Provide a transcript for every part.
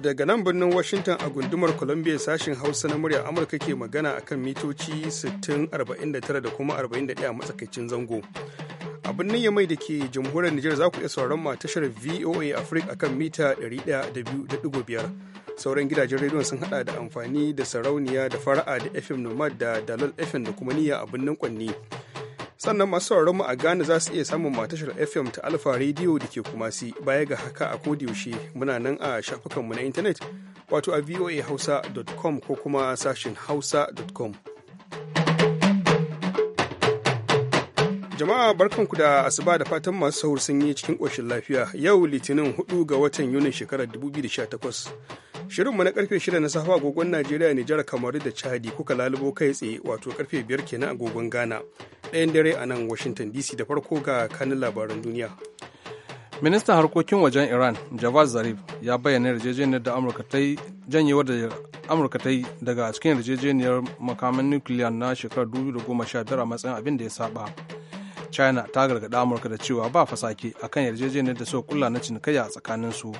daga nan birnin Washington a gundumar Columbia sashen Hausa na murya Amurka ke magana akan mitoci 6049 da kuma 41 a matsakaicin zango. A birnin Yamai da ke jamhuriyar Nijar za ku iya sauran ma tashar VOA Africa akan mita 102.5. Sauran gidajen rediyon sun hada da amfani da sarauniya da fara'a da FM Nomad da Dalol FM da kuma niyya a birnin Kwanni. sannan masu sauraron mu a Ghana za su iya samun matashar FM ta Alfa Radio da ke kumasi baya ga haka a yaushe muna nan a shafukanmu na intanet wato a voahausa.com ko kuma sashen hausa.com. Jama'a barkanku da asuba da fatan masu sahur sun yi cikin ƙoshin lafiya yau litinin 4 ga watan Yunin shekarar 2018. Shirinmu na karfe 6 na safa agogon Najeriya, Nijar, kamar da Chadi kuka lalubo kai tsaye wato karfe 5 kenan agogon Ghana. Ɗayan dare a nan Washington DC da farko ga kanin labaran duniya. Ministan harkokin wajen Iran, Javad Zarif, ya bayyana yarjejeniyar da Amurka ta yi janyewar da Amurka ta yi daga cikin yarjejeniyar makaman nukiliya na shekarar 2019 a matsayin abin da ya saba. china ta gargaɗa amurka da cewa ba fasake kan yarjejeniyar da suka kulla na cinikayya a tsakaninsu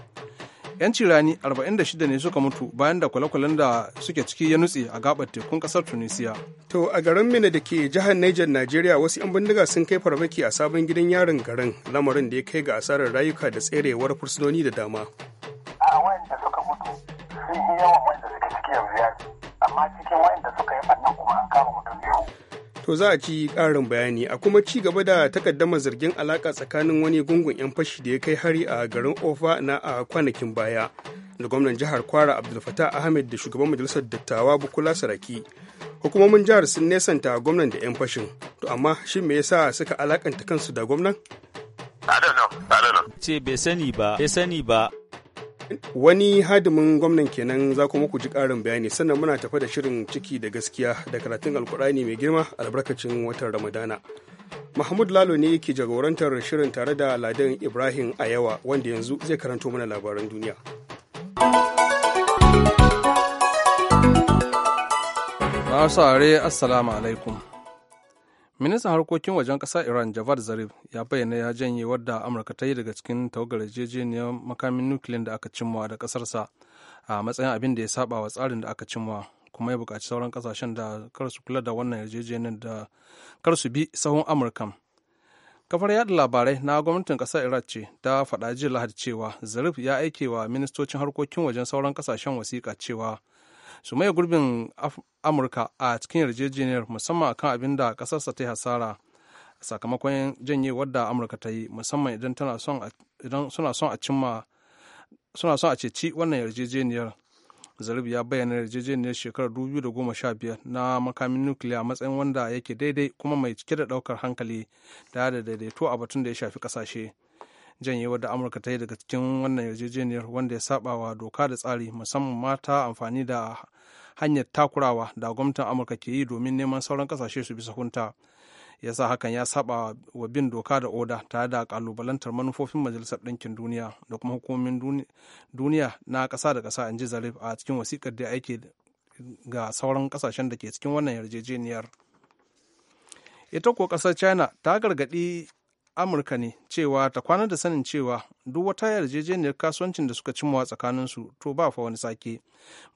yan cirani 46 ne suka mutu bayan da kwale-kwalen da suke ciki ya nutse a gabar tekun kasar tunisia to a garin mina da ke jihar niger nigeria wasu yan bindiga sun kai farmaki a sabon gidan yarin garin lamarin da ya kai ga asarar rayuka da tserewar fursunoni da dama a amma cikin suka yi kuma an kama mutum biyu to za a ci ƙarin bayani a kuma ci gaba da takaddama zargin alaƙa tsakanin wani gungun 'yan fashi da ya kai hari a garin ofa na a kwanakin baya da gwamnan jihar kwara Abdulfata ahmed da shugaban majalisar dattawa bukula saraki hukumomin jihar sun nesanta gwamnan da 'yan fashin to amma shin me yasa suka alakanta kansu da gwamnan ce bai sani ba bai sani ba wani hadimin gwamnan kenan za kuma ku ji ƙarin bayani sannan muna tafa da shirin ciki da gaskiya da karatun alkur'ani mai girma albarkacin watan ramadana mahmud lalo ne ke jagorantar shirin tare da ladan ibrahim ayawa wanda yanzu zai karanto mana labaran duniya masu assalamu alaikum ministan harkokin wajen ƙasa iran javad zarif ya bayyana ya janye wadda amurka ta yi daga cikin tawagar jejeniyar makamin nukiliyan da aka cimma da ƙasarsa a matsayin abin da ya saba wa tsarin da aka cimma kuma ya buƙaci sauran ƙasashen da kar su kula da wannan yarjejeniyar da kar su bi sahun amurkan kafar yada labarai na gwamnatin ƙasar iraq ce ta faɗa jiya lahadi cewa zarif ya aike wa ministocin harkokin wajen sauran ƙasashen wasiƙa cewa su maye gurbin amurka a cikin yarjejeniyar musamman akan abin da kasarsa ta yi hasara sakamakon janye wadda amurka ta yi musamman idan suna son a cimma suna son a ceci wannan yarjejeniyar zarif ya bayyana yarjejeniyar shekarar 2015 na makamin nukiliya matsayin wanda yake daidai kuma mai cike da daukar hankali da da daidaito a batun da ya shafi kasashe. janyewar da amurka ta yi daga cikin wannan yarjejeniyar wanda ya saba wa doka da tsari musamman mata amfani da hanyar takurawa da gwamnatin amurka ke yi domin neman sauran kasashe su bisa hunta ya sa hakan ya saba wa bin doka da oda tare da kalubalantar manufofin majalisar ɗinkin duniya da kuma hukumomin duniya na ƙasa da ƙasa in ji zarif a cikin wasikar da aiki ga sauran ƙasashen da ke cikin wannan yarjejeniyar ita ko ƙasar china ta gargaɗi amurka ne cewa ta kwana da sanin cewa duk wata yarjejeniyar kasuwancin da suka cimma tsakanin su to ba fa wani sake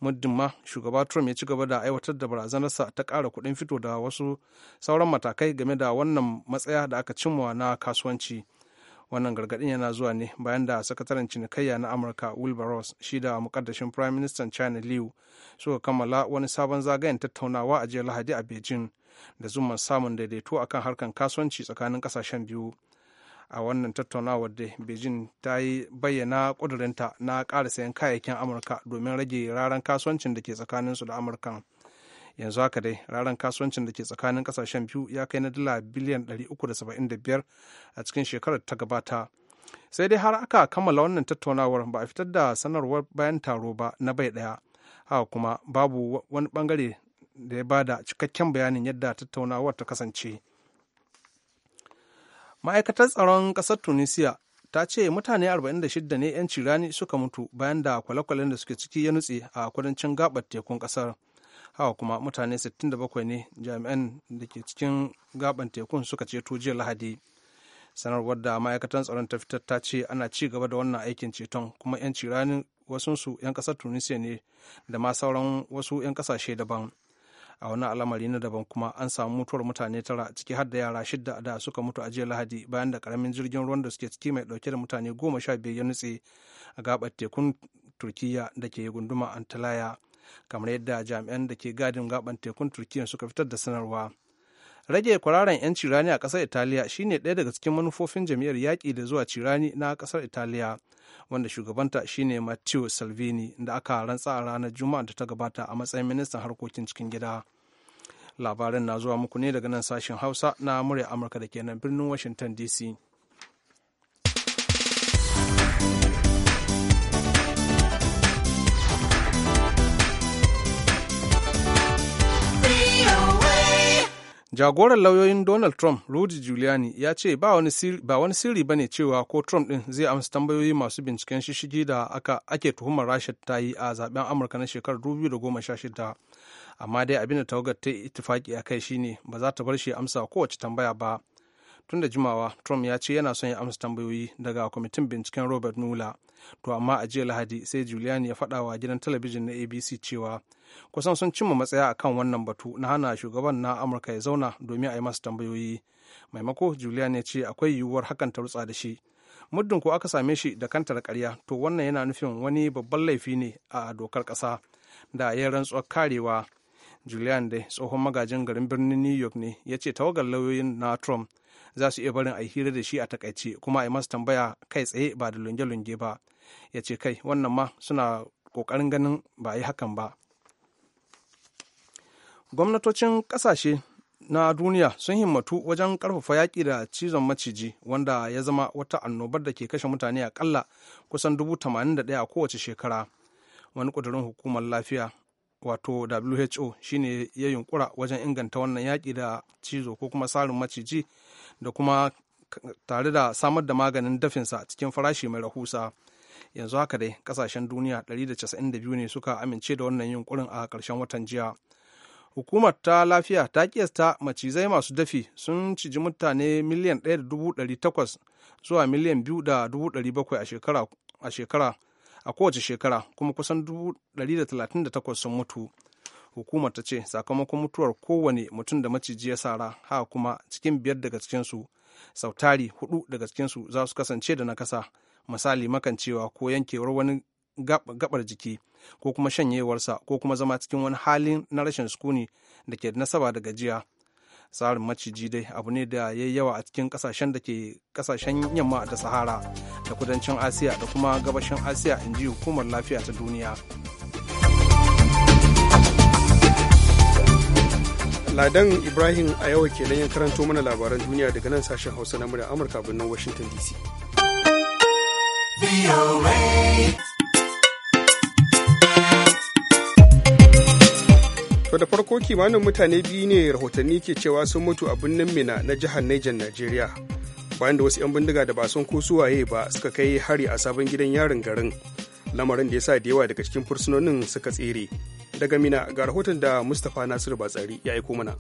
muddin ma shugaba trump ya ci gaba da aiwatar da barazanarsa ta kara kuɗin fito da wasu sauran matakai game da wannan matsaya da aka cimma na kasuwanci wannan gargaɗin yana zuwa ne bayan da sakataren cinikayya na amurka wilbur ross shi da mukaddashin prime minister china liu suka kammala wani sabon zagayen tattaunawa a jiya lahadi a beijing da zuman samun daidaito akan harkan kasuwanci tsakanin kasashen biyu a wannan tattaunawar da beijing ta yi bayyana ƙudurinta na ƙara sayan kayayyakin amurka domin rage raran kasuwancin da ke tsakaninsu da amurka yanzu haka dai raran kasuwancin da ke tsakanin kasashen biyu ya kai na dala biliyan 375 a cikin shekarar ta gabata sai dai har aka kammala wannan tattaunawar ba a fitar da sanarwar bayan taro ba na bai ɗaya haka kuma babu wani bangare da ya bada cikakken bayanin yadda tattaunawar ta kasance. ma'aikatar tsaron ƙasar tunisia ta ce mutane 46 ne 'yan cirani suka mutu bayan da kwale-kwalen da suke ciki ya nutse a kudancin gabar tekun ƙasar hawa kuma mutane 67 ne jami'an da ke cikin gaban tekun suka ceto jiya lahadi sanarwar da ma'aikatar tsaron ta fitar ta ce ana ci gaba da wannan aikin ceton kuma 'yan ciranin wasunsu 'yan ƙasar tunisia ne da ma sauran wasu 'yan ƙasashe daban a wani al'amari na daban kuma an samu mutuwar mutane tara ciki har da yara shidda da suka mutu a jiya lahadi bayan da karamin jirgin ruwan da suke ciki mai dauke da mutane goma sha biyar ya nutse a gabar tekun turkiya da ke gunduma antalaya kamar yadda jami'an da ke gadin gabar tekun turkiya suka fitar da sanarwa rage kwararan 'yan cirani a kasar italiya shine ɗaya daga cikin manufofin jam'iyyar yaƙi da zuwa cirani na kasar italiya wanda shugabanta shine matteo salvini da aka rantsa a ranar juma'a da ta gabata a matsayin ministan harkokin cikin gida labarin na zuwa muku ne daga nan sashen hausa na murya amurka da kenan birnin washington dc jagoran lauyoyin donald trump rudy giuliani ya ce ba wani sirri ba ne cewa ko trump din zai amsa tambayoyi masu binciken shishigi da aka ake tuhumar rasha ta yi a zaben amurka na shekarar 2016 amma dai abin da tawagar ta itifaki a kai shine ba za ta bar shi amsa kowace tambaya ba tun da jimawa trump ya ce yana son ya amsa tambayoyi daga kwamitin binciken robert mueller to amma a jiya lahadi sai giuliani ya faɗa wa gidan talabijin na abc cewa kusan sun cimma matsaya akan wannan batu na hana shugaban na amurka ya zauna domin a yi masa tambayoyi maimako julian ya ce akwai yiwuwar hakan ta rutsa da shi muddin ko aka same shi da kantar karya to wannan yana nufin wani babban laifi ne a dokar kasa da ya rantsuwar karewa julian dai tsohon magajin garin birnin new york ne ya ce tawagar lauyoyin na trump za su iya barin a hira da shi a takaice kuma a yi masa tambaya kai tsaye ba da lunge-lunge ba ya ce kai wannan ma suna kokarin ganin ba a yi hakan ba gwamnatocin kasashe na duniya sun himmatu wajen karfafa yaƙi da cizon maciji wanda ya zama wata annobar da ke kashe mutane aƙalla kusan dubu tamanin da ɗaya a kowace shekara wani ƙudurin hukumar lafiya wato who shine ya yunkura wajen inganta wannan yaƙi da cizo ko kuma sarin maciji da kuma tare da samar da maganin dafinsa cikin farashi mai rahusa yanzu haka dai ƙasashen duniya 192 ne suka amince da wannan yunkurin a ƙarshen watan jiya hukumar ta lafiya ta kiyasta macizai masu dafi sun ciji mutane miliyan 1.800 zuwa miliyan 2.700 a shekara a kowace shekara kuma kusan 138 sun mutu hukumar ta ce sakamakon mutuwar kowane mutum da maciji ya sara haka kuma cikin biyar daga cikinsu sautari hudu daga cikinsu za su kasance da nakasa misali makancewa ko yankewar wani gabar jiki ko kuma shanyewarsa ko kuma zama cikin wani halin na rashin sukuni da ke da nasaba da gajiya tsarin maciji dai abu ne da ya yawa a cikin kasashen da ke kasashen yamma da sahara da kudancin asiya da kuma gabashin asiya in ji hukumar lafiya ta duniya ladan ibrahim a yawa ke ya karanto mana labaran duniya daga nan sashen hausa na murya amurka birnin washington dc To da farko kimanin mutane biyu ne rahotanni ke cewa sun mutu a birnin Mina na jihar Niger Najeriya. Bayan da wasu 'yan bindiga da ba sun ko suwaye ba suka kai hari a sabon gidan yarin garin. Lamarin da ya sa da yawa daga cikin fursunonin suka tsere. Daga Mina ga rahoton da Mustapha Nasiru Batsari ya aiko mana.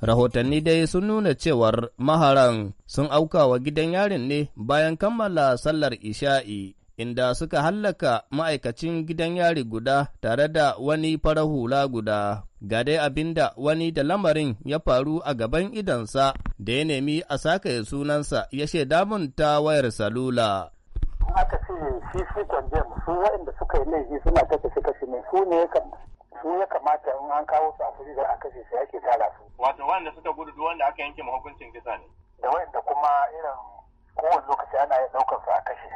Rahotanni dai sun nuna cewar maharan sun auka wa gidan yarin ne bayan kammala sallar isha'i inda suka hallaka ma'aikacin gidan yari guda tare da wani fara hula guda. Ga dai abinda wani da lamarin ya faru a gaban idansa da ya nemi a saka ya sunansa ya shaida munta wayar salula. aka ce shi su kwanjem su waɗanda suka yi laifi suna ta kashe kashe ne su ne ya kamata in an kawo su a kuri da aka ce sai ake tara su. Wato waɗanda suka gudu duk wanda aka yanke hukuncin kisa ne. Da waɗanda kuma irin kowane lokaci ana yin ɗaukar su a kashe.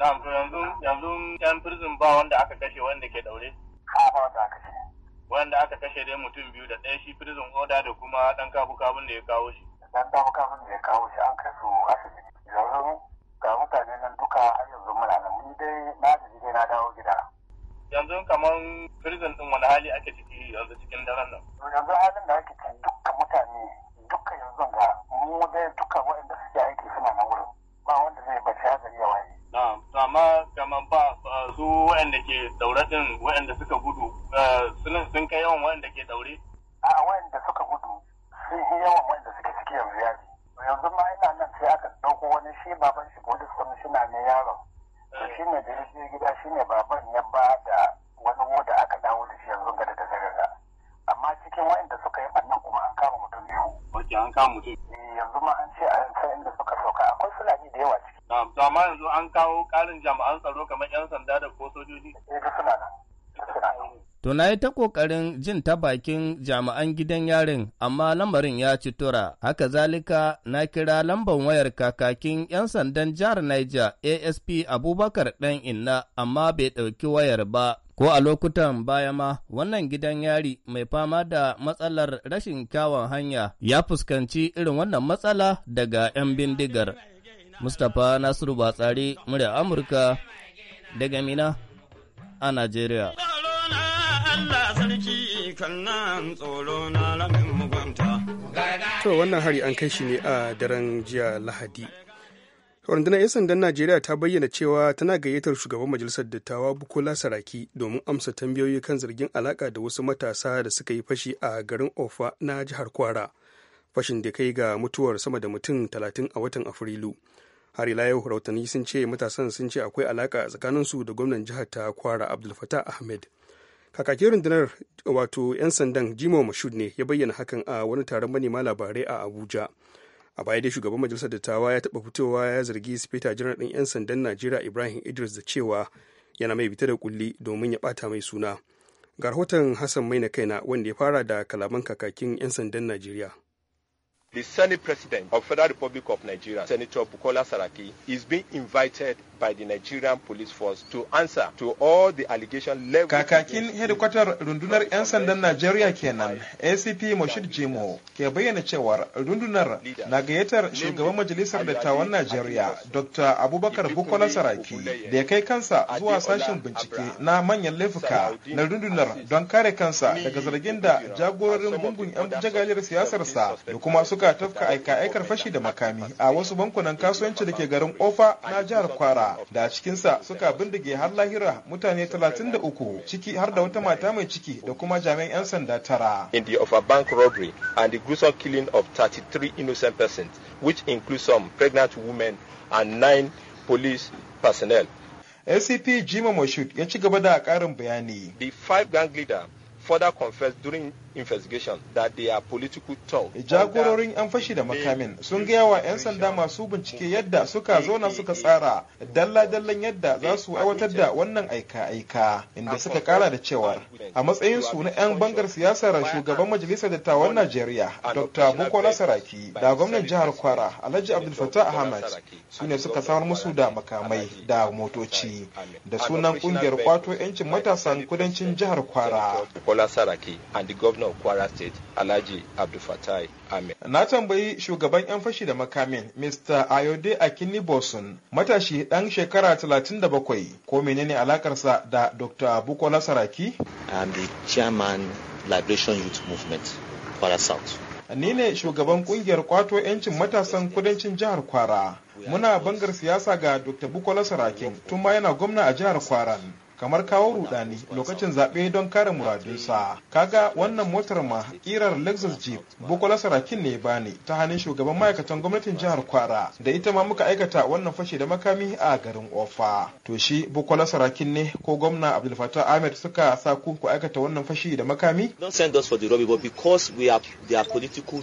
yanzu yanzu yan prison ba wanda aka kashe wanda ke daure. a ba wanda aka kashe. wanda aka kashe dai mutum biyu da ɗaya shi prison order da kuma ɗan kabu kabun da ya kawo shi. ɗan kabu kabun da ya kawo shi an kai su asibiti. yanzu ga mutane nan duka har yanzu muna nan ni dai na ji dai na dawo gida. yanzu kamar prison ɗin wani hali ake ciki yanzu cikin daren nan. yanzu an raɗin waɗanda suka To na yi ta ƙoƙarin jin ta bakin jami'an gidan yarin, amma lamarin ya ci tura. Haka zalika na kira lambar wayar kakakin 'yan sandan jihar Niger ASP Abubakar ɗan inna, amma bai ɗauki wayar ba. Ko a lokutan baya ma wannan gidan yari mai fama da matsalar rashin kyawun hanya ya fuskanci irin wannan matsala daga 'yan bindigar. Mustapha Nasiru Batsari, murya Amurka, daga Mina a Najeriya. To wannan hari an kai shi ne a daren jiya Lahadi. rundunar 'yan sandan najeriya ta bayyana cewa tana gayyatar shugaban majalisar dattawa bukola saraki domin amsa tambayoyi kan zargin alaka da wasu matasa da suka yi fashi a garin ofa na jihar kwara fashin da kai ga mutuwar sama da mutum talatin a watan afrilu har ila yau sun ce matasan sun ce akwai alaka tsakanin su da gwamnan jihar ta kwara abdulfatah ahmed kakakin rundunar wato 'yan sandan jimo mashud ne ya bayyana hakan a wani taron manema labarai a abuja a baya dai shugaban majalisar dattawa ya taɓa fitowa ya zargi sifeta janar ɗin 'yan sandan najeriya ibrahim idris da cewa yana mai bita da kulli domin ya ɓata mai suna ga rahoton hassan mai na kaina wanda ya fara da kalaman kakakin 'yan sandan najeriya The Senate President of Federal Republic of Nigeria, Senator Bukola Saraki, is being invited by the Nigerian police the Kakakin hedikwatar rundunar 'yan sandan Najeriya kenan ACP Moshid Jimo ke bayyana cewar rundunar na gayyatar shugaban majalisar dattawan Najeriya Dr. Abubakar Bukola Saraki da ya kai kansa zuwa sashen bincike na manyan laifuka na rundunar don kare kansa daga zargin da jagororin gungun 'yan jagalar siyasarsa da kuma suka tafka aika-aikar fashi da makami a wasu bankunan kasuwanci da ke garin Ofa na jihar Kwara. da cikinsa suka bindige har lahira mutane 33 ciki har da wata mata mai ciki da kuma jami'an 'yan sanda tara. In the of a bank robbery and the gruesome killing of 33 innocent persons which includes some pregnant women and nine police personnel. ACP Jima Moshut ya ci gaba da karin bayani. The five gang leader further confessed during investigation that they are political tool. Eh, jagororin 'yan fashi da makamin sun gaya wa 'yan sanda masu bincike yadda suka zauna suka tsara dalla-dallan yadda za su aiwatar da wannan aika-aika inda suka kara da cewa a matsayin su na 'yan bangar siyasar shugaban majalisar dattawan Najeriya Dr. Bukola Saraki da gwamnan jihar Kwara Alhaji Abdul Fattah Ahmad su ne suka samar musu da makamai da motoci da sunan kungiyar kwato 'yancin matasan kudancin jihar Kwara. Bukola Saraki and the governor gwamnan Kwara State Alhaji Fatai Ahmed. Na tambayi shugaban 'yan fashi da makamin Mr. Ayode Akinni Bosun matashi ɗan shekara 37 ko menene alakarsa da Dr. Bukola Saraki? I'm the chairman Liberation Youth Movement Kwara South. Ni ne shugaban kungiyar kwato 'yancin matasan kudancin jihar Kwara. Muna bangar siyasa ga Dr. Bukola Sarakin tun ma yana gwamna a jihar Kwaran. kamar kawo rudani lokacin zaɓe don kare muradunsa kaga wannan motar ma irar lexus jeep bukola sarakin ne ba ne. ta hannun shugaban ma'aikatan gwamnatin jihar kwara da ita ma muka aikata wannan fashe da makami a garin ofa to shi bukola sarakin ne ko gwamna abdul fatah ahmed suka sa ku ku aikata wannan fashe da makami don't send we are political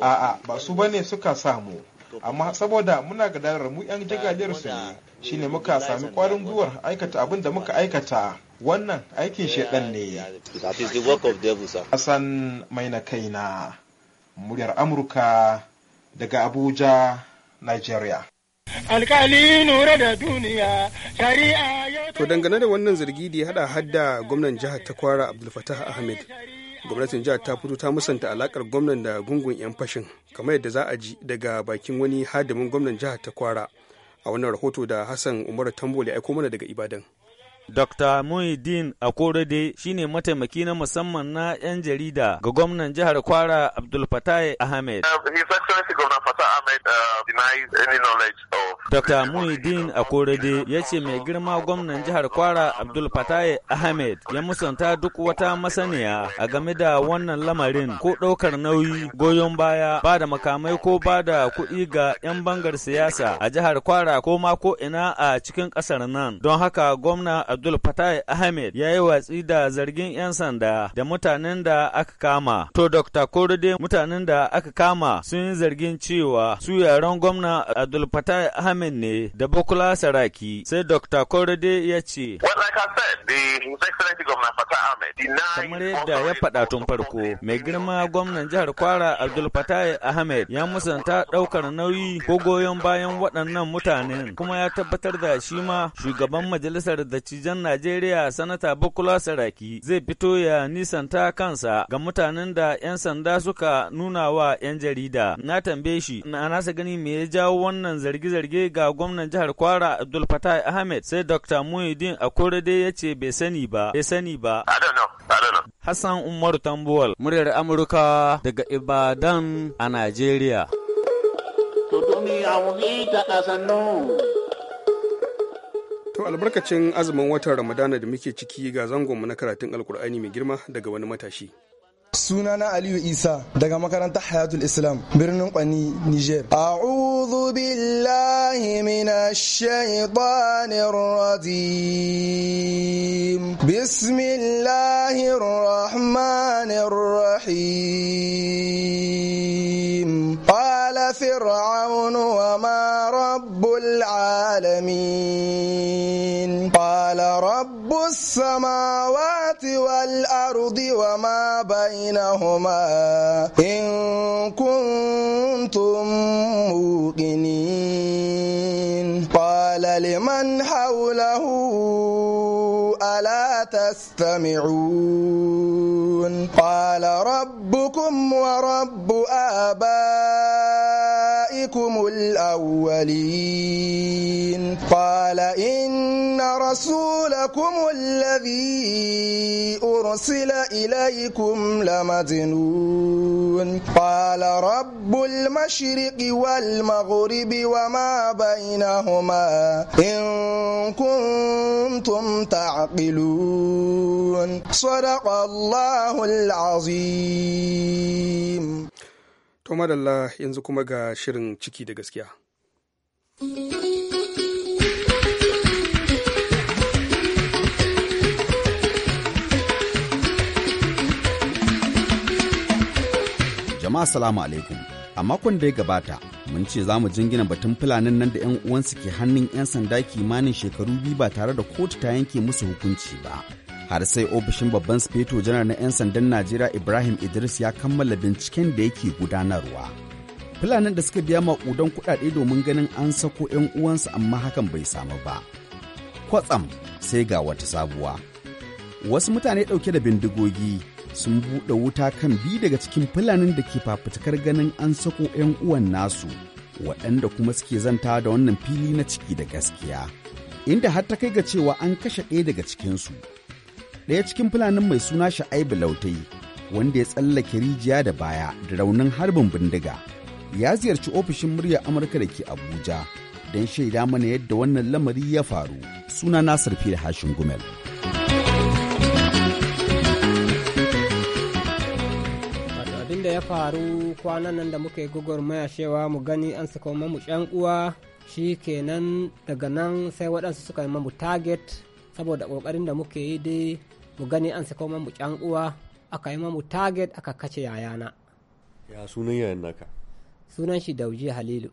a'a ba su bane suka samu amma saboda muna gadarar mu yan jagaliyar su ne shine muka sami kwarin gwiwar aikata abin da muka aikata wannan aikin shedan ne hassan mai na kaina muryar amurka daga abuja nigeria alkali nura to dangane da wannan zargi da ya hada hadda gwamnan jihar ta takwara abdulfatah ahmed gwamnatin jihar ta fito ta musanta alakar gwamnan da gungun 'yan fashin kamar yadda za a ji daga bakin wani hadimin gwamnan jihar ta kwara a wannan rahoto da hassan umaru tambo ya aiko mana daga ibadan Dr. Muhyiddin shi shine mataimaki na musamman na 'yan jarida ga gwamnan jihar Kwara Abdul Fatai Ahmed. Dr. Uh, uh, Muhyiddin ya ce mai girma gwamnan jihar Kwara Abdul Fatai Ahmed ya musanta duk wata masaniya a game da wannan lamarin ko ɗaukar nauyi goyon baya ba da makamai ko ba da kuɗi ga 'yan bangar siyasa a jihar Kwara ko ma ko ina a cikin ƙasar nan. Don haka gwamna Abdul Fatah Ahmed ya yi watsi da zargin 'yan sanda da mutanen da aka kama. To Dr. Korode mutanen da aka kama sun yi zargin cewa su yaren gwamna Abdul Fatah Ahmed ne da Bukula Saraki. Sai Dr. Korode ya ce. Kamar yadda ya faɗa tun farko, mai girma gwamnan jihar Kwara Abdul Fatah Ahmed ya musanta ɗaukar nauyi ko goyon bayan waɗannan mutanen kuma ya tabbatar da shi ma shugaban majalisar da wajen Najeriya Sanata Bukola Saraki zai fito ya nisanta kansa ga mutanen da 'yan sanda suka nuna wa 'yan jarida. Na tambaye shi na nasa gani me ya jawo wannan zarge-zarge ga gwamnan jihar Kwara Abdul Fatai Ahmed sai Dr. Muhyiddin Akorede ya ce bai sani ba. Bai sani ba. Hassan Umar Tambuwal, muryar Amurka daga Ibadan a Najeriya. Tutumi a ta To albarkacin azumin watan Ramadana da muke ciki ga mu na karatun Alkur'ani mai girma daga wani matashi. sunana Aliyu Isa daga makarantar Hayatul Islam birnin Kwani Niger. A'udhu billahi minash shaitanir rajim. rahmanir rahim. Qala fir'aunu wa ma rabbul alamin. السماوات والأرض وما بينهما إن كنتم موقنين قال لمن حوله ألا تستمعون قال ربكم ورب آبائكم ربكم الأولين قال إن رسولكم الذي أرسل إليكم لمجنون قال رب المشرق والمغرب وما بينهما إن كنتم تعقلون صدق الله العظيم To madalla yanzu kuma ga shirin ciki da gaskiya. Jama'a salamu alaikum. A makon da ya gabata, mun ce za mu jingina batun fulanin nan da 'yan uwansu ke hannun 'yan sanda kimanin shekaru biyu ba tare da kotu ta yanke musu hukunci ba. har sai ofishin babban speto janar na 'yan sandan najeriya ibrahim idris ya kammala binciken da yake gudanarwa fulanin da suka biya maƙudan kuɗaɗe domin ganin an sako 'yan uwansu amma hakan bai samu ba kwatsam sai ga wata sabuwa wasu mutane ɗauke da bindigogi sun buɗe wuta kan biyu daga cikin fulanin da ke fafutukar ganin an sako 'yan uwan nasu waɗanda kuma suke zanta da wannan fili na ciki da gaskiya inda har ta kai ga cewa an kashe ɗaya daga cikinsu daya cikin fulanin mai suna sha'aibu lautai wanda ya tsallake rijiya da baya da raunin harbin bindiga ya ziyarci ofishin muryar amurka da ke abuja don shaida mana yadda wannan lamari ya faru suna nasir da hashin gumel abin da ya faru kwanan nan da muka yi gwagwarmaya mu gani an saka mamu yan uwa shi kenan daga nan sai waɗansu suka yi mamu target saboda ƙoƙarin da muke yi dai mu gani an sako mamu can uwa aka yi mamu target aka kace yayana ya sunan yayan naka sunan shi dauji halilu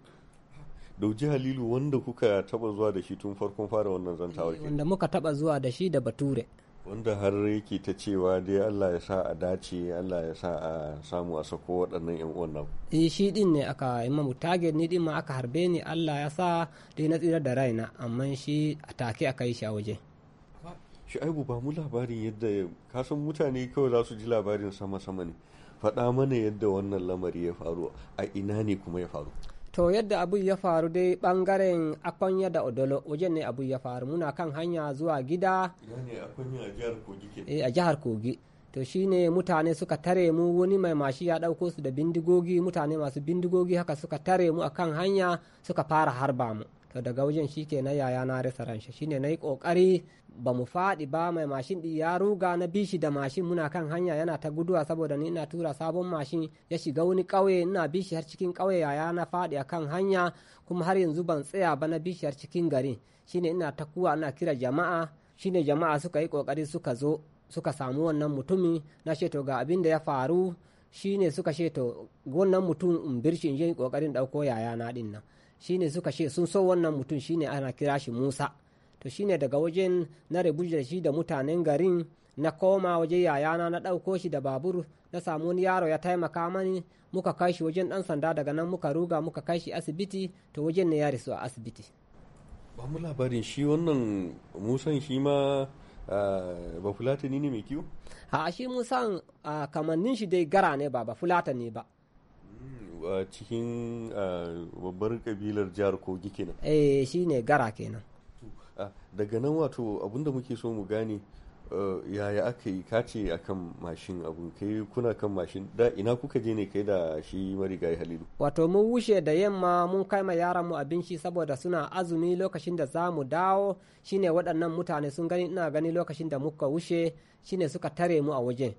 dauji halilu wanda kuka taba zuwa da shi tun farkon fara wannan zantawar wanda muka taba zuwa da shi da bature wanda har yake ta cewa dai Allah ya sa a dace Allah ya sa a samu a sako waɗannan yan uwan nan eh shi din ne aka yi mamu target ni din ma aka harbe ni Allah ya sa dai na tsira da raina amma shi a take aka yi shi a waje aibu ba mu labarin yadda ya san mutane kawai za su ji labarin sama-sama ne faɗa mana yadda wannan lamari ya faru a ina ne kuma ya faru to yadda abu ya faru dai ɓangaren akwanya da odolo wajen ne abu ya faru muna kan hanya zuwa gida eh, a jihar kogi to shine mutane suka tare mu wani mai mashi ya ɗauko su da bindigogi mutane masu bindigogi haka suka tare mu a kan hanya suka fara harba mu to daga wajen shi ke na yaya na rasa ranshi shine na yi kokari ba mu faɗi ba mai mashin ɗi ya ruga na bishi da mashin muna kan hanya yana ta guduwa saboda ni ina tura sabon mashin ya shiga wani ƙauye ina bishi har cikin ƙauye yaya na faɗi akan hanya kuma har yanzu ban tsaya ba na bishi har cikin gari shine ina ta kuwa ina kira jama'a shine jama'a suka yi kokari suka zo suka samu wannan mutumi na sheto ga abin da ya faru shine suka sheto wannan mutum in birshi in je kokarin dauko yaya na ɗin nan shine suka ce sun so wannan mutum shine ana kira shi Musa to shine daga wajen na rabu da shi da mutanen garin na koma waje yayana na ɗauko shi da babur na samu wani yaro ya taimaka mani muka kai shi wajen ɗan sanda daga nan muka ruga muka kai shi asibiti to wajen ne ya rasu a asibiti ba mu labarin shi wannan musan shi ma ba fulatani ne mai kiwo a shi musan kamannin shi dai gara ne ba ba fulatani ba cikin babbar kabilar jihar kogi kenan eh ne gara kenan daga nan wato abinda muke so mu gane yaya aka yi kace akan mashin abun kai kuna kan mashin da ina kuka je ne kai da shi marigayi halilu wato mu wushe da yamma mun kai ma yaran mu abinci saboda suna azumi lokacin da za mu dawo shine waɗannan mutane sun gani ina gani lokacin da muka wuce shine suka tare mu a wajen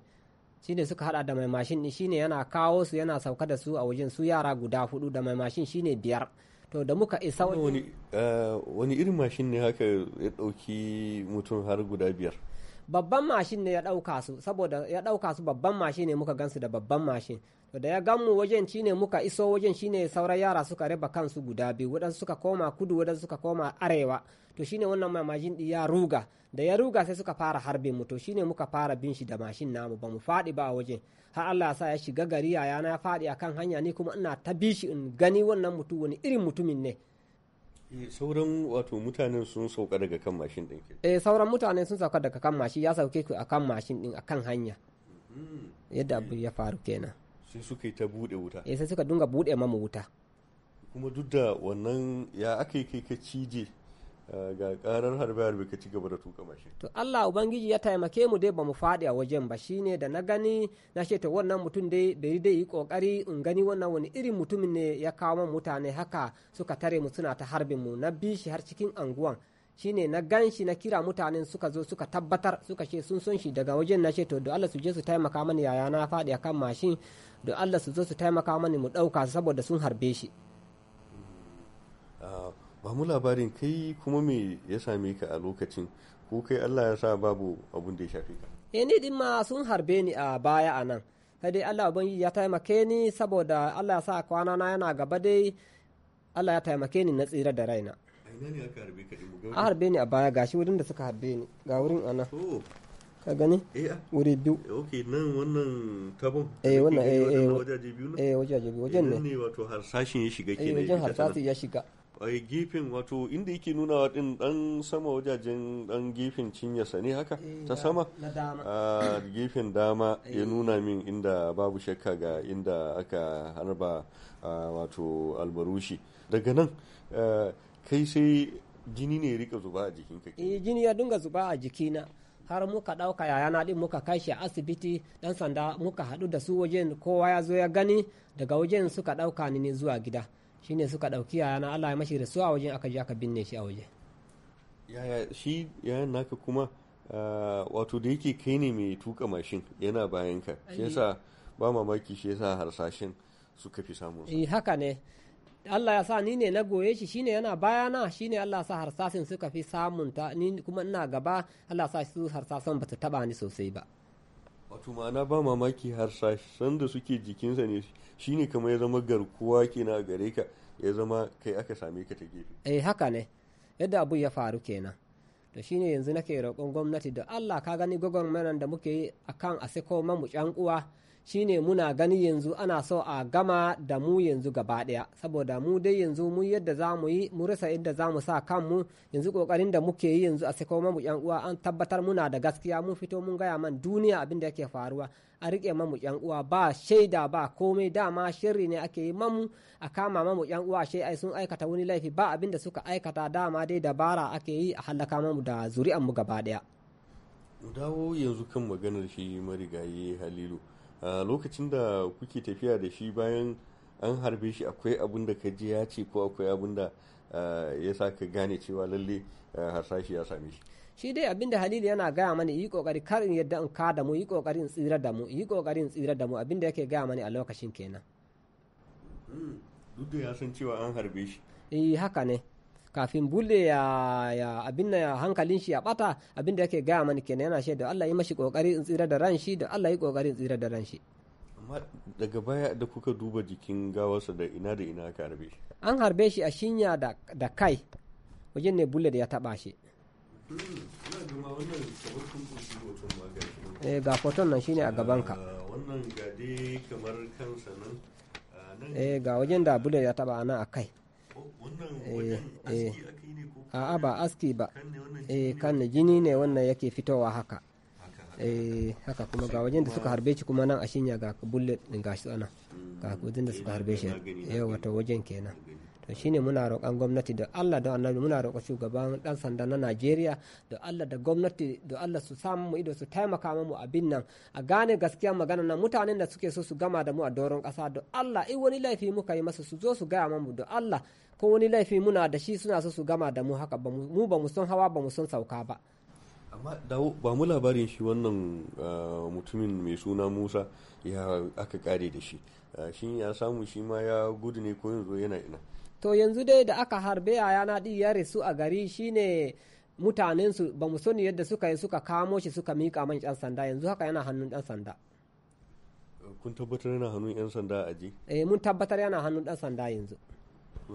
shine suka hada da mai mashin shi shine yana kawo su yana sauka da su a wajen su yara guda hudu da mai mashin shine biyar to da muka isa wani eh, wani irin mashin ne haka ya dauki mutum har guda biyar babban mashin ne ya dauka su saboda ya dauka su babban mashin ne muka gansu da babban mashin da ya gamu wajen shine muka iso wajen shine sauran yara suka raba kansu guda biyu waɗansu suka koma kudu waɗansu suka koma arewa to shine wannan mamajin ɗi ya ruga da ya ruga sai suka fara harbin mu to shine muka fara bin shi da mashin namu ba mu faɗi ba a wajen har Allah sa ya shiga gari ya na faɗi akan hanya ni kuma ina ta bi shi in gani wannan mutum wani irin mutumin ne eh, sauran wato mutanen sun sauka daga kan mashin ɗin eh sauran mutanen sun sauka daga kan mashin ya sauke ku akan mashin ɗin akan hanya mm-hmm. yadda abu ya faru kenan sai suka yi ta bude wuta ya eh, sai suka dinga bude mamu wuta kuma duk da wannan ya aka yi kai ka cije eh, ga karar harbe harbe ka ci gaba da tuka mashi to Allah ubangiji ya taimake mu dai bamu faɗi a wajen ba shine da na gani na ce to wannan mutum dai bai dai yi kokari in gani wannan wani irin mutumin ne ya kawo mutane haka suka tare mu suna ta harbin mu na bi shi har cikin anguwan shine na gan shi na kira mutanen suka zo suka tabbatar suka ce sun son shi daga wajen na ce to do Allah su je su taimaka mani yaya na faɗi akan mashin do Allah su zo su taimaka mani mu ɗauka saboda sun harbe shi. Ah, ba mu labarin kai kuma me ya same ka a lokacin ko kai Allah ya sa babu abun da ya shafe ka. eh ni din ma sun harbe ni a baya a nan sai dai Allah ban ya taimake ni saboda Allah ya sa kwana na yana gaba dai Allah ya taimake ni na tsira da raina. ina ne aka harbe ka harbe ni a baya gashi wurin da suka harbe ni ga wurin ana ka gani eh, ah. wuri biyu eh, ok nan wannan tabon eh wannan eh eh wajaje biyu eh wajaje biyu wajen eh, ne ne wato harsashin ya shiga kenan eh wajen harsashin ya shiga ai gefen wato inda yake nuna din dan sama wajajen dan gefen cinyarsa ne haka ta sama a ah, gefen dama ya nuna min inda babu shakka ga inda aka harba ah, wato albarushi daga nan kai sai jini ne rika zuba a ka eh jini ya dinga zuba a jikina har muka ɗauka yayana din muka kai shi asibiti dan sanda muka haɗu da su wajen kowa ya zo ya gani daga wajen suka ɗauka ni ne zuwa gida shine suka ɗauki yayana Allah ya mashi da su a wajen aka je aka binne shi a waje yaya shi yaya naka kuma ah, wato da yake kai ne mai tuka mashin yana bayan ka shi yasa ba mamaki shi yasa harsashin suka fi samun eh haka ne Allah ya sa ni ne na goye shi shine yana bayana shine Allah ya sa harsasin suka fi samun ta ni kuma ina gaba Allah ya sa su harsasan bata taba ni sosai ba wato ma'ana ba mamaki harsasan da suke jikinsa ne shine kamar ya zama garkuwa kenan a gare ka ya zama kai aka same ka ta gefe eh haka ne yadda abu ya faru kenan to shine yanzu nake roƙon gwamnati da Allah ka gani gwagwarmayar da muke yi akan a sako mamu uwa shine muna gani yanzu ana so a gama da mu yanzu gaba daya saboda mu dai yanzu mu yadda za mu yi mu rasa inda za mu sa kanmu yanzu kokarin da muke yi yanzu a sako mamu yan uwa an tabbatar muna da gaskiya mun fito mun gaya man duniya abin da yake faruwa a rike mamu yan uwa ba shaida ba komai dama shirri ne ake yi mamu a kama mamu yan uwa shi ai sun aikata wani laifi ba abin da suka aikata dama dai dabara ake yi a halaka mamu da zuri'an mu gaba ɗaya. dawo yanzu kan maganar shi marigayi halilu a lokacin da kuke tafiya da shi bayan an harbe shi akwai abin da ka je ya ce ko akwai abin da ya sa ka gane cewa lalle harsashi ya same shi shi dai abin da halilu yana gaya mani yi kokari kar in yadda in ka da mu yi kokari in tsira da mu yi kokari in tsira da mu abin da yake gaya mani a lokacin kenan hmm, duk da ya san cewa an harbe shi eh haka ne kafin bulle ya ya abin ya hankalin shi ya bata abin da yake gaya mani kenan yana shaida Allah yi mashi kokari in tsira da ran shi da Allah yi kokari in tsira da ran shi amma daga baya da kuka duba jikin gawarsa da ina da ina aka harbe shi an harbe shi a shinya da da kai wajen ne bulle da ya taba shi eh ga foton nan shine a gabanka ah, wannan ga dai kamar kansa ah, nan eh ga wajen da bulle ya taba ana a kai Eh, eh. a'a ba aski ba eh kan jini ne wannan yake fitowa haka eh haka kuma ga wajen da suka harbe shi kuma nan a shinya ga bullet din gashi tsana, ga hmm, wajen da eh, suka harbe shi yawa wato wajen kenan to shine muna roƙon gwamnati da Allah da annabi muna roƙon shugaban dan sanda na Najeriya da Allah da gwamnati da Allah su samu mu ido su taimaka mu abin nan a gane gaskiya magana na mutanen da suke so su gama da mu a doron ƙasa da Allah in wani laifi muka yi masa su zo su gaya mu da Allah ko wani laifi muna da shi suna so su gama da mu haka mu ba mu son hawa ba mu son sauka ba amma dawo ba mu labarin shi wannan ah, mutumin mai suna musa ya aka kare da shi ah, shin ya samu shi ma ya gudu ne ko yanzu yana ina to yanzu dai da aka harbe a yana ya rasu a gari shine mutanensu ba mu sani yadda suka yi suka kamo shi suka mika man yan sanda yanzu haka yana hannun yan sanda kun tabbatar yana hannun yan sanda a ji eh mun tabbatar yana hannun yan sanda yanzu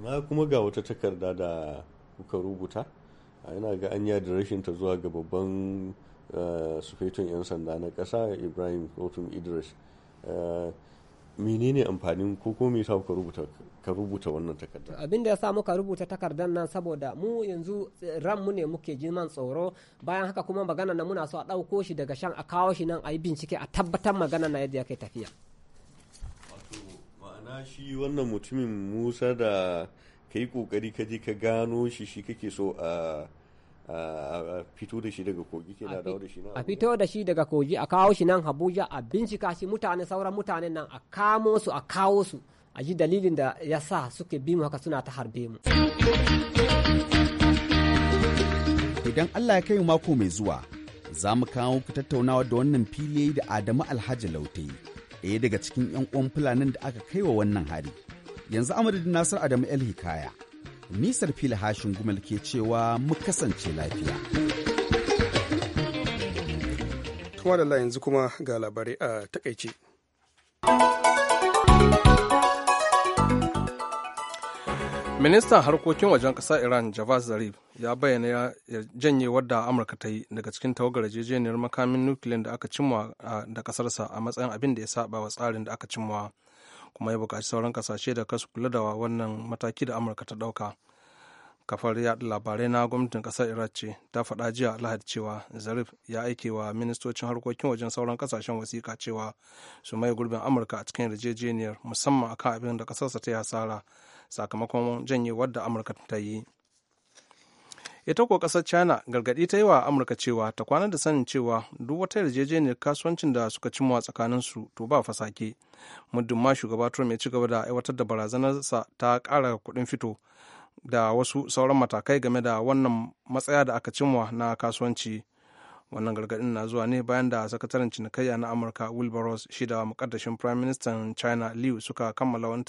na kuma ga wata takarda da kuka rubuta yana ga anya da rashin ta zuwa ga babban eh, sufetun yan sanda na kasa ibrahim kotum idris eh, menene amfanin ko ko me yasa ka rubuta ka rubuta wannan takardar abinda ya sa muka rubuta takardar nan saboda mu yanzu eh, ran mu ne muke jiman tsoro bayan haka kuma magana na muna so a ɗauko shi daga shan a kawo shi nan a yi bincike a tabbatar magana na yadda yake tafiya ma'ana shi wannan mutumin musa da ka kokari ka je ka gano shi shi kake so a a fito da shi daga kogi ke dawo da shi a fito da shi daga kogi a kawo shi nan Habuja, a bincika shi mutane sauran mutane nan a kamo su a kawo su a ji dalilin da ya sa suke bi mu haka suna ta harbe mu idan Allah ya kai mako mai zuwa za mu kawo ku tattaunawa da wannan fili da Adamu Alhaji Laute ɗaya daga cikin 'yan uwan fulanin da aka kai wa wannan hari yanzu amadadin Nasiru Adamu El Hikaya nisar fili hashin gumal ke cewa mu kasance lafiya. kuma da yanzu kuma ga labarai a takaice. ministan harkokin wajen ƙasar iran javaz zarif ya bayyana ya janyewar da amurka ta yi daga cikin tawagar yarjejeniyar makamin nukiliyar da aka cimma da ƙasarsa a matsayin abin da ya saba wa tsarin da aka cimma kuma ya buƙaci sauran kasashe da kasu kula da wannan mataki da amurka ta ɗauka kafar yaɗa labarai na gwamnatin ƙasar iraq ce ta faɗa jiya lahadi cewa zarif ya aike wa ministocin harkokin wajen sauran ƙasashen wasiƙa cewa su mai gurbin amurka a cikin yarjejeniyar musamman akan abin da ƙasarsa ta yi hasara sakamakon janyewar da amurka ta yi ita kuwa kasar china gargadi ta yi wa amurka cewa ta kwana da sanin cewa duk wata yarjejeniyar kasuwancin da suka cimma su to ba fasake muddin ma shugaba trump ya ci gaba da aiwatar da barazanar sa ta kara kuɗin fito da wasu sauran matakai game da wannan matsaya da aka cimma na kasuwanci wannan gargadin na zuwa ne bayan da sakataren cinikayya na amurka wilbur ross shi da mukaddashin prime minister china liu suka kammala wani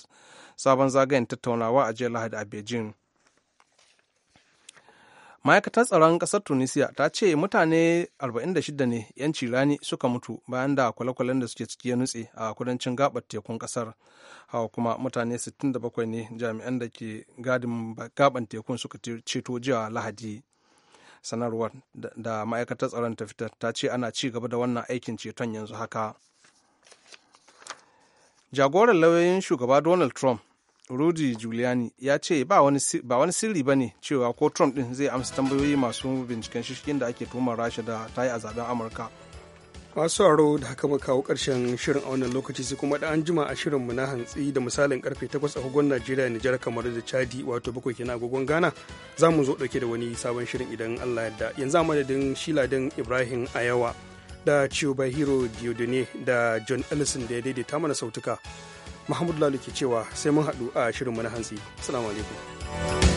sabon zagayen tattaunawa a jiya lahadi a beijing ma'aikatar tsaron ƙasar tunisia ta ce mutane 46 ne 'yan cirani suka mutu bayan da kwale-kwalen da suke ciki ya nutse a kudancin gabar tekun ƙasar hawa kuma mutane 67 ne jami'an da ke gadin gaban tekun suka ceto jiya lahadi sanarwar da ma'aikatar tsaron ta fitar ta ce ana ci gaba da wannan aikin ceton yanzu haka jagoran lauyoyin shugaba donald trump Rudy Giuliani ya ce ba wani sirri ba ne cewa ko Trump din zai amsa tambayoyi masu binciken shishkin da ake tuhumar Rasha da ta yi a zaben Amurka. Masu aro da haka muka kawo karshen shirin a wannan lokaci sai kuma da an jima a shirinmu na hantsi da misalin karfe 8 agogon Najeriya Nijar kamar da Chadi wato bakwai kenan agogon Ghana za mu zo ɗauke da wani sabon shirin idan Allah yadda yanzu a madadin Shiladin Ibrahim Ayawa da Chiyobahiro Diodone da John Ellison da ya daidaita mana sautuka. Muhammadu Lalu ke cewa sai mun haɗu a shirinmu na hantsi. Assalamu alaikum.